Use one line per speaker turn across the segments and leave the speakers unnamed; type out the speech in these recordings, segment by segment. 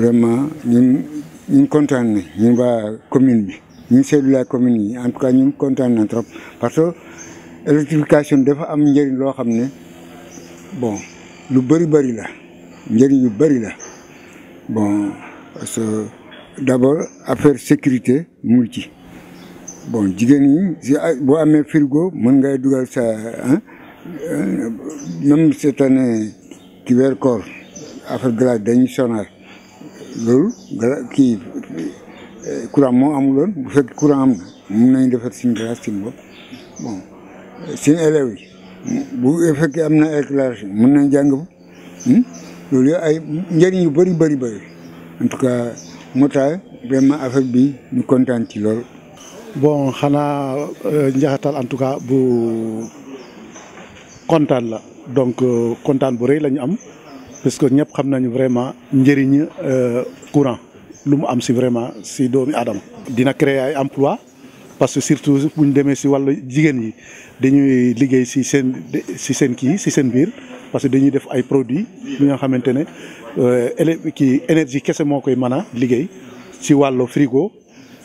vraiment ñun ñu kontaan nañ ñun waa commune bi ñun seetlu la commune yi en tout cas ñun kontaan na trop parce que électrification dafa am njëriñ loo xam ne bon lu bëri bëri la njëriñ yu bëri la bon parce que d'abord affaire sécurité mu ci bon jigéen ñi si boo amee frigo mën ngay dugal sa ah même cette année weer koor affaire glace dañuy sonal loolu gara kii courant moo amuloon bu fekk courant am na mun nañ defar suñu classe suñu bopp bon suñu élèves yi bu fekkee am na éclairage mun nañ jàng hmm? loolu yëpp ay njëriñ yu bëri bëri bëri en tout cas moo benn vraiment affaire bi ñu kontaan ci loolu.
bon xanaa euh, njaxatal en tout cas bu kontaan la donc euh, kontaan bu rëy lañu am. que ñëpp xam nañu vraiment njëriñ euh, courant lu mu am si vraiment si doomi aadama dina créer ay emploi parce que surtout bu ñu demee si wàllu jigéen ñi dañuy liggéey si seen si seen kii si seen biir parce que dañuy def ay produits yi nga xamante ne euh, élé kii énergie kese moo koy mën a liggéey ci wàllu frigo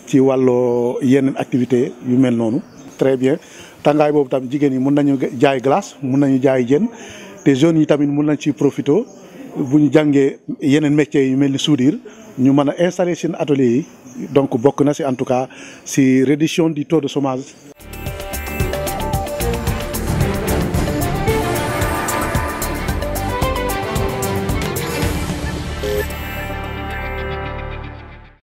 ci wàllu yeneen activité yu mel noonu. très bien tàngaay boobu tam jigéen ñi mun nañu jaay glace mun nañu jaay jën te jeunes yi tamit mun nañ ci profito bu ñu jàngee yeneen métiers yu mel ni soudure ñu mën a installer seen atelier yi donc bokk na si en tout cas si réduction du taux de chômage